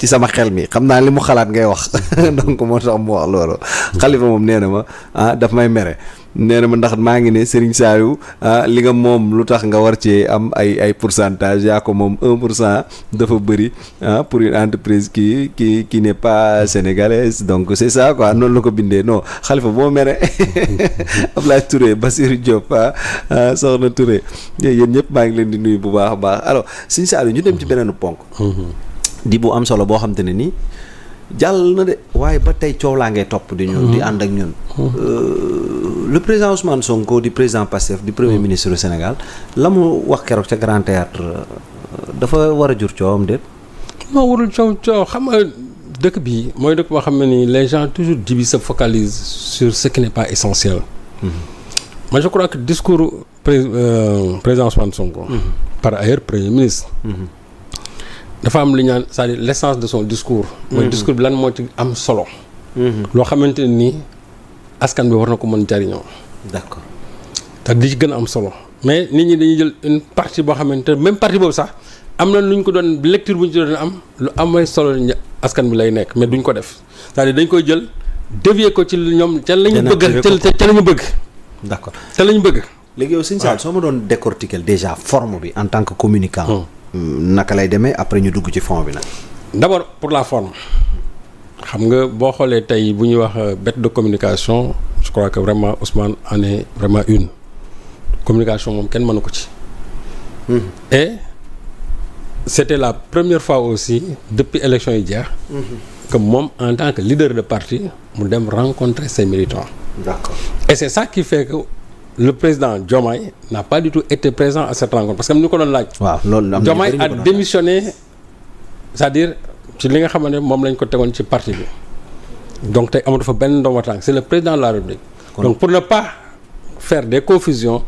ci sama xel mi xam naa li mu xalaat ngay wax donc moo tax mu wax loolu xalifa moom nee na ma ah daf may mere nee na ma ndax maa ngi ne Serigne Saliou ah li nga moom lu tax nga war cee am ay ay pourcentage yaa ko moom un pour cent dafa bëri ah pour une entreprise qui qui qui n'est pas sénégalaise donc c'est ça quoi noonu la ko bindee non xalifa boo mere Ablaye Touré basir Diop ah, ah Soxna Touré yéen ñëpp maa ngi leen di nuyu bu baax a baax alors Serigne Saliou ñu dem ci beneen ponk. Mm-hmm di bu am solo bo xamanteni ni ne na de waye ba tay ciow la ngay top di ñun di and mhm. ak ñun mhm. euh, le président Ousmane Sonko di président Passef di premier mhm. ministre du Sénégal lamu wax keroog ci Grand Théâtre euh, dafa wara jur ciowam de non warul ciow ciow xam nga dëkk bi moy dekk bo xamanteni les gens toujours divisent se focalise sur ce qui n'est pas essentiel mm -hmm. moi je crois que discours pré euh, président Ousmane Sonko mm -hmm. par ailleurs premier ministre mm -hmm. dafa am lu ñu c'est-à-dire l'essence de son discours. mooy mhm. discours bi lan ci am solo. Mhm. lo xamante ne askan bi war na ko mën jariñoo. d'accord te di ci gëna am solo mais nit ñi dañuy jël une partie bo xamante même partie boobu sax am na lu ñu ko don lecture bu ñu ci doon am lu amay solo askan bi lay nek mais duñ ko def c'est-à-dire dañ koy jël dévier ko ci ñom ca lañu bëgg ca lañu bëgg. d'accord ca lañu bëgg. légui yow Sëñ Sall soo ma doon décortiquer déjà forme bi en tant que communicant. Hum naka lay après ñu dugg ci fond bi nak d'abord pour la forme xam nga les xolé tay bu wax euh, bête de communication je crois que vraiment Ousmane en est vraiment une communication mom kenn mënu ko ci. Hmm. et c'était la première fois aussi depuis élection yi jeex. Hmm. que mom en tant que leader de parti mu dem rencontrer ses militants. d'accord et c'est ça qui fait que le président Djomaye n'a pas du tout été présent à cette rencontre parce que nous avons dit laaj. a démissionné c'est-à-dire ci li nga xam ne lañ ko parti donc c'est le président de la République. donc pour ne pas faire des confusions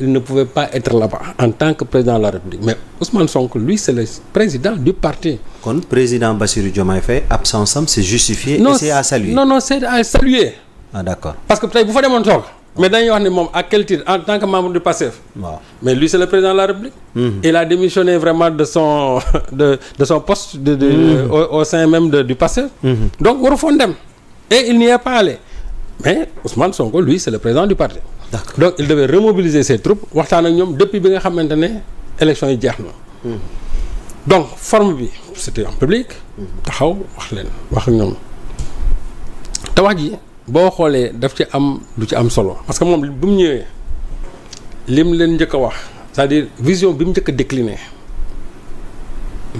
il ne pouvait pas être là-bas en tant que président de la République mais Ousmane Sonko lui c'est le président du parti. le président Bassirou Diomaye fait absence ça, c'est justifié. et c'est à saluer non non c'est à saluer. ah d'accord parce que peut-être bu fa demoon mais d'ailleurs les à quel titre en tant que membre du PASEF mais lui c'est le président de la République. Mhm. il a démissionné vraiment de son de son poste. de mhm. au, sein même de, du PASEF mhm. donc waru fond et il n'y est pas allé. mais Ousmane Sonko lui c'est le président du parti. donc il devait remobiliser ses troupes depuis bi nga élection yi donc forme c'était en public. taxaw wax il y a am lu ci am solo parce que mom bimu ñëwé lim leen c'est-à-dire vision bimu jëk décliner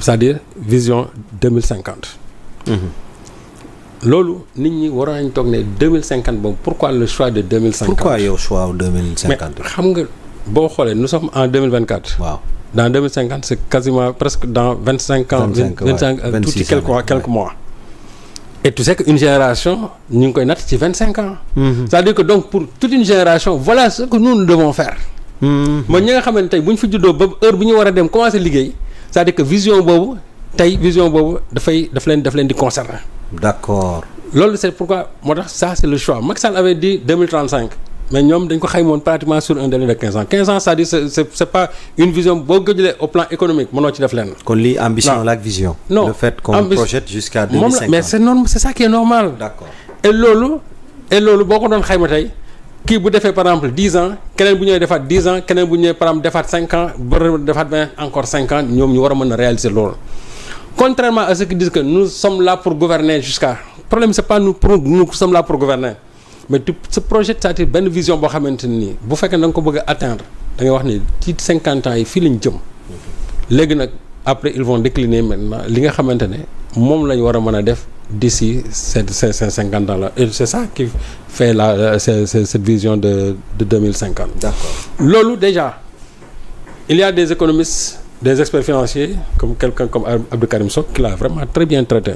c'est-à-dire vision 2050 mm-hmm. lolu nit ñi waro nañ tok 2050 bon pourquoi le choix de 2050 pourquoi le choix 2050 xam nga bo xolé nous sommes en 2024 waaw dans 2050 c'est quasiment presque dans 25 ans 25, euh, ans, 25 ouais, quelques mois et tu sais qu'une génération nous, avons 25 ans. Mhm. c'est-à-dire que donc pour toute une génération voilà ce que nous nous devons faire. Mais mhm. nous, nga xamante ne tey bu ñu fi juddoo ba heure bu ñu war dem commencer c'est-à-dire que vision boobu des vision de dafay daf leen daf di concerner. d'accord. c'est pourquoi moi, ça c'est le choix Maxal avait dit 2035 mais nous, dañ ko pratiquement sur un délai de 15 ans 15 ans ça dit c'est pas une vision beaucoup au plan économique mënoo ci def lenn. kon lii ambition la vision. le fait qu'on projette jusqu'à 2050 mais c'est ça qui est normal. d'accord et lolo, et lolo beaucoup ko doon xayma 10 kii par exemple 10 ans quelqu'un bu fait 10 dix ans quelqu'un bu fait par exemple cinq ans encore 5 ans nous, ñu réalisé a réaliser contrairement à ceux qui disent que nous sommes là pour gouverner jusqu'à Le problème c'est pas nous nous sommes là pour gouverner mais ce projet cest une dire vision pour xamante nii bu fekkee da ko atteindre ans yi fii lañ jëm après ils vont décliner maintenant li nga xamante ne moom lañ que d'ici 50 50 ans là et c'est ça qui fait la euh, cette vision de 2050 Lolo d'accord déjà il y a des économistes des experts financiers comme quelqu'un comme Abdou Karim qui l'a vraiment très bien traité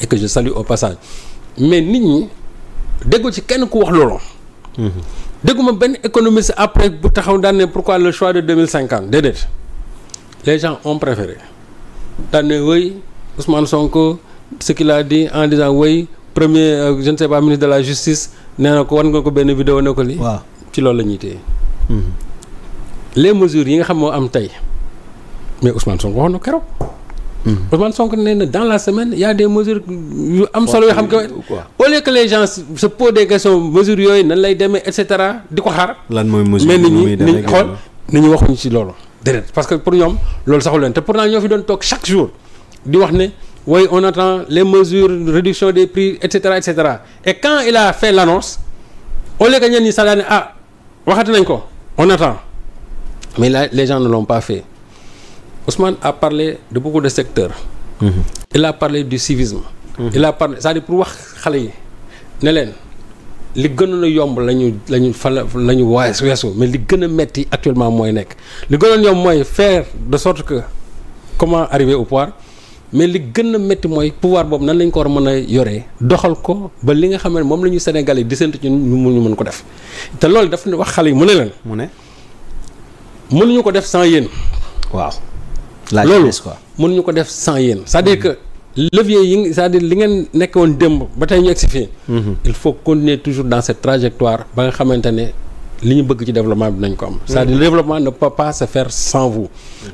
et que je salue au passage mais nous, déggoo ci kenn ku wax loolu. Mhm. dégguma ben économiste après bu taxaw daan ne pourquoi le choix de 2050? mille les gens ont préféré daan ne oui Ousmane Sonko ce qu'il a dit en disant oui premier euh, je ne sais pas ministre de la justice n'est encore ko wan nga ko vidéo ne ko li waaw ci loolu la ñuy mhm. les mesures yi nga xam moo am mais Ousmane Sonko wax na Ousmane Sonko nee na dans la semaine il y a des mesures yu am solo xam que au lieu que les gens se posent des questions mesures yooyu nan lay demee et cetera di ko mais ni ni nit Ni xool nit ñi waxuñu ci loolu. déedéet parce que pour ñoom loolu saxul leen te pourtant ñoo fi doon chaque jour di wax ne oui on attend les mesures réduction des prix et cetera et cetera et quand il a fait l'annonce, annonce au lieu que ñenn ñi ah waxati nañ ko on attend mais les gens ne l'ont pas fait. Ousmane a parlé de beaucoup de secteurs. Mm Il a parlé du civisme. Mm Il a parlé c'est-à-dire pour wax xalé yi ne leen li gëna a yomb lañu lañu la ñu fa la ñu mais li gëna metti actuellement moy nek. li gëna ñom moy faire de sorte que comment arriver au pouvoir mais li gëna metti moy pouvoir boobu nan lañ ko war a mën doxal ko ba li nga xam mom lañu sénégalais ñu Sénégal yi di sant ñun ñu mën ko def te loolu daf wax xalé yi mu ne leen. mu ne mënuñu ko def sans yéen waaw la jeunesse quoi ko sans yen c'est-à-dire que le vieil ça c'est-à-dire li ngeen nekk woon ñu mhm. il faut continuer toujours dans cette trajectoire ba nga xamante ne li développement bi nañ ko am. c'est-à-dire mhm. le développement ne peut pas se faire sans vous.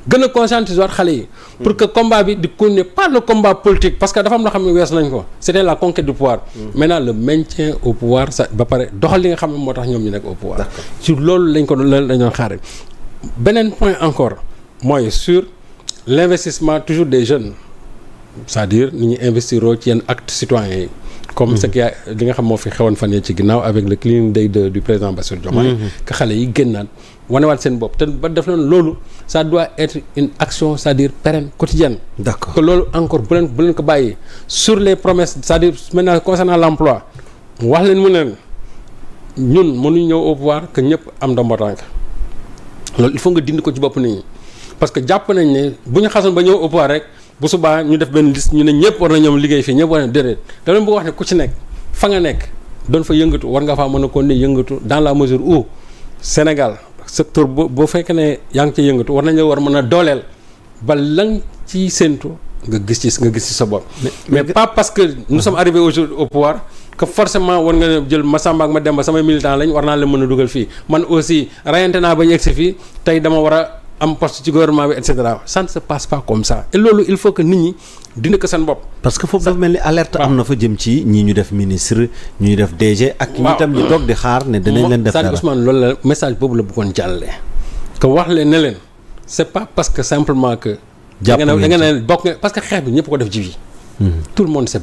gën conscience conscientiser waat pour que combat bi di n'est pas le combat politique parce que la am loo xam ne wees nañ c'était la conquête du pouvoir. Mhm. maintenant le maintien au pouvoir sa ba pare doxal li nga xam ne moo au pouvoir. sur l'eau loolu lañ ko doon lañ doon xaare point encore mooy sur l'investissement toujours des jeunes c'est-à-dire ni investir investiroo ci acte citoyen comme ce mhm. qui a li nga xam moo fi xewoon fan ci avec le clean day de du président Bassirou Diomaye mhm. que xalé yi génnaat wat sen bop te ba def leen ça doit être une action c'est-à-dire pérenne quotidienne d'accord que lolu encore bu len bu ko sur les promesses c'est-à-dire maintenant concernant l'emploi wax leen mu ne ñun mënu ñëw au pouvoir que ñëpp am ndombo tànk lolu il faut nga dind ko ci bop nit parce que japp nañ ne buñu xassone ba ñew au rek bu suba ñu def ben liste ñu ne ñepp war na ñoom liggéey fi ñepp war na déedéet da lañ bu wax ne ku ci nek fa nga nek doon fa yëngatu war nga fa mëna a continuer yëngatu dans la mesure où Sénégal secteur bo fekk ne yaa yëngatu war nañ la war mëna dolel ba lañ ci sentu nga gis ci nga gis ci sa bop mais pas parce que nous sommes arrivés aujourd'hui au pouvoir que forcément war nga jël samba ak ba sama militant lañ war naa leen mën a man aussi rayante na bañ yegg fi tay dama wara am poste ci gouvernement bi et cetera ça ne se passe pas comme ça loolu il faut que nit ñi dina ko seen bopp. parce que foofu dafa mel ni alerte am na fa jëm ci ñi ñu def ministre ñuy def DG. ak ñi tam ñu toog di xaar ne danañ leen. def dara Ousmane loolu la message boobu la bëggoon jàllale. que wax leen ne leen c' pas parce simplement que. jàpp da nga ne bokk nga parce que xeex bi ñëpp ko def ji. Hmm. tout le monde s' est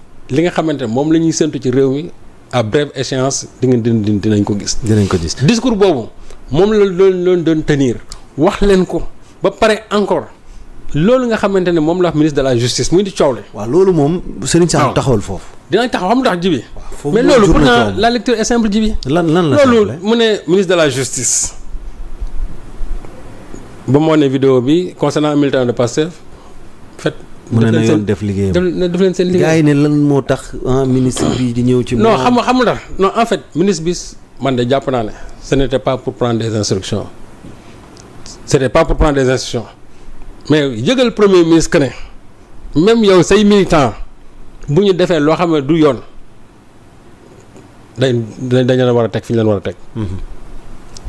li nga xamante moom la ñuy séntu ci réew mi à brève échéance di ngeen dinañ dinañ ko gis. dinañ ko gis discours boobu moom la loolu loolu doon tenir wax leen ko ba pare encore loolu nga xamante ne moom la ministre de la justice muy di coow le. waaw loolu moom Serigne Sam taxawal foofu. dinañ taxaw xam ndax jibi mais loolu pourtant la lecture est simple jibi lan lan la loolu mu ne ministre de la justice. ba moo ne vidéo bi concernant militant de pasteur fait mu na yoon def liggéeyam def leen seen liggéey gars yi ne lan moo tax ah, ministre bi di ñëw ci. non xam nga xam nga non en fait ministre bi man de jàpp naa ne ce n'était pas pour prendre des instructions ce n'était pas pour prendre des instructions mais yëgal premier ministre que ne même yow say militant bu ñu defee loo xam ne du yoon dañ dañ leen war a teg fi ñu leen war a teg. Mhm.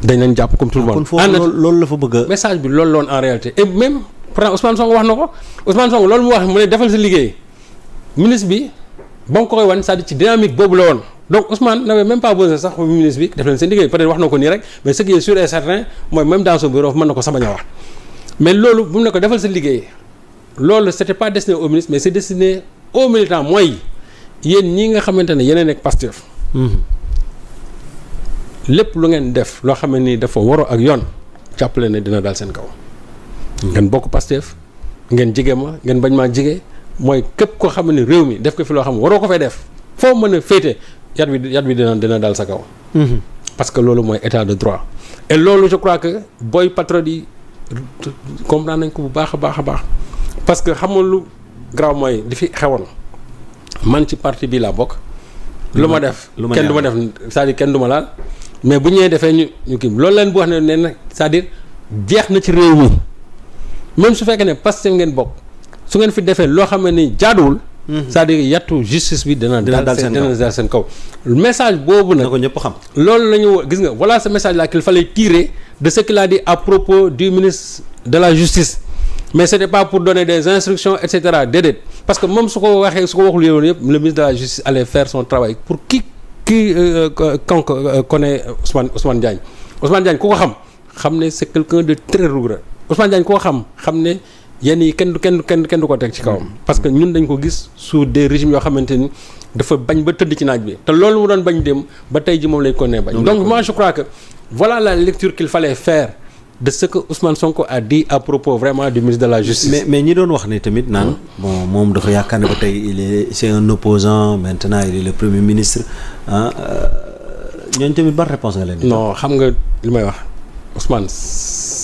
dañ leen jàpp comme tout le ah, monde. en loolu la fa bëgg message bi loolu la woon en réalité et même. pourtant Ousmane Sonko wax na ko Ousmane Sonko loolu mu wax mu ne defal sa liggéey ministre bi ba nga ko koy wan cest à ci dynamique boobu la woon donc Ousmane n'avait même pas besoin sax ministre bi def leen seen liggéey peut-être na ko nii rek mais ce qui est sûr et certain mooy même dans son bureau mën na ko sabañ a wax mais loolu bu mu ne ko defal sa liggéey loolu c'était pas destiné au ministre mais c'est destiné aux militants mooy yéen ñi nga xamante ne yéen a nekk Pastef lépp lu ngeen def loo xam nii dafa waroo ak yoon jàppale ne dina daal seen kaw ngeen bokk Pastef ngeen jige ma ngeen bañ maa jige mooy képp koo xam ne réew mi def ko fi loo xam waroo ko fay def foo mën a féete yat bi yat bi dina dina dal sa kaw. Mhm. parce que loolu mooy état de droit. et loolu je crois que booy patriote yi comprendre nañ ko bu baax a baax a baax parce que xamul lu graw mooy li fi xewoon man ci parti bi laa bokk. lu ma def kenn du ma def cest à kenn du ma laal mais bu ñëwee defee ñu ñu kii loolu leen bu wax ne nee na cest à jeex na ci réew mi. même su fekkee ne Pastef ngeen bokk su ngeen fi defee loo xam ni jadoul, mhm. c'est-à-dire yattu justice bi dana. dana dal seen kaw le dal seen message bobu nag. na ko gis nga voilà ce message là qu'il fallait tirer de ce qu'il a dit à propos du ministre de la justice. mais c'était pas pour donner des instructions et cetera parce que même su ko waxee su ko le ministre de la justice allait faire son travail pour qui qui euh, quand euh, connaît Ousmane Ousmane Diagne Ousmane Diagne ku ko xam xam c'est quelqu'un de très rigoureux. Ousmane Diagne koo xam xamne ne yenn yi kenn ken kenn kenn kenn ko ci mm. kawam. parce que ñun dañ ko gis sous des régimes yo xamanteni dafa bañ ba tëdd ci naaj bi te loolu mu doon bañ dem ba tay ji mom lay ko bañ. Mm. donc moi je crois que voilà la lecture qu'il fallait faire de ce que Ousmane Sonko a dit à propos vraiment du ministre de la justice. mais mais ñi doon wax ne tamit nan mm. bon mom dafa yakane ba tay il est c'est un opposant maintenant il est le premier ministre hein ñooñu tamit ban réponse nga leen non xam nga limay wax Ousmane.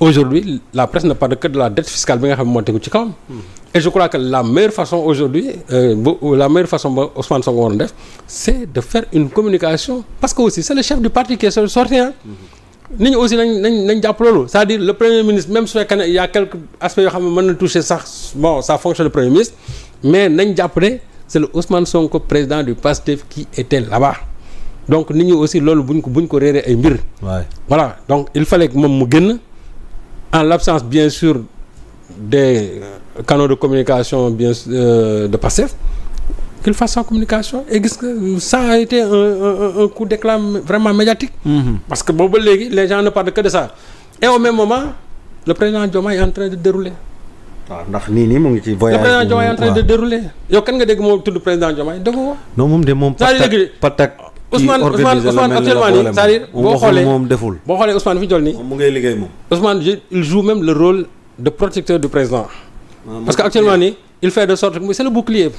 aujourd'hui la presse ne parle que de la dette fiscale et je crois que la meilleure façon aujourd'hui euh, la meilleure façon Ousmane Sonko c'est de faire une communication parce que aussi c'est le chef du parti qui est sorti hein. aussi c'est-à-dire le premier ministre même s'il il y a quelques aspects qui ont touché bon ça fonctionne le premier ministre mais nañ jàpp c'est le Ousmane Sonko président du PASTEF qui était là-bas donc ni aussi loolu buñ ko buñ voilà donc il fallait que moom mu en l'absence bien sûr des canaux de communication bien, euh, de PASSEF, qu'il fasse en communication. Et ça a été un, un, un coup d'éclat vraiment médiatique. Mm-hmm. Parce que les gens ne parlent que de ça. Et au même moment, le président Dioma est en train de dérouler. Ah, le président Dioma est en train de dérouler. Il n'y a quelqu'un qui a dit le président Dioma. Non, il y a Ousmane Ousmane Ousmane actuellement nii c'est-à-dire boo xoolee moom deful boo xoolee Ousmane fi ñu toll nii. mu ngay liggéey moom. Ousmane il joue même le rôle de protecteur du président. Ah, parce que actuellement nii il fait de sorte que c'est le bouclier.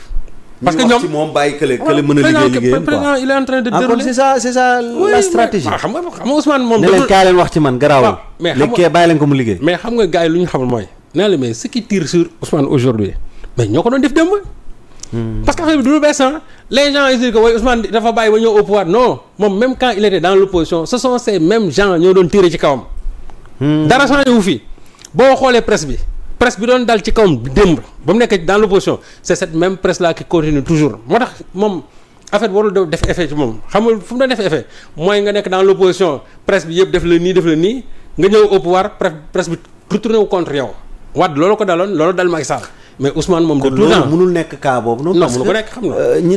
parce que ñoom moom bàyyi kële kële mën a liggéey liggéeyam quoi président il est en train de ah, dérouler c'est ça c'est ça la stratégie. Ah, xam nga xam nga Ousmane moom. ne leen kaa leen wax ci man garaawul. mais xam nga léegi mais xam nga gars yi lu ñu xamul mooy. nee na mais ce qui tire sur Ousmane aujourd'hui mais ñoo ko doon def démb Hmm. parce que affaire bi du hein. les gens ils disent que Ousmane dafa bàyyi ba au pouvoir non moi même quand il était dans l'opposition ce sont ces mêmes gens qui ont tiré ci kawam hmm. dara changé wu fi boo xoolee presse bi presse bi doon dal ci kawam démb ba mu dans l'opposition c'est cette même presse là qui continue toujours motax mom affaire warul def effet ci mom xam nga fu mu def effet moy nga nek dans l'opposition presse bi yeb def le ni def le ni nga au pouvoir presse bi retourné contre yow wad lolo ko daloon lolo dal Macky Sall mais Ousmane moom de tout mënul nekk cas boobu noonu. non mënu ko nekk xam nga euh, ñi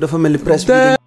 dafa mel ni presse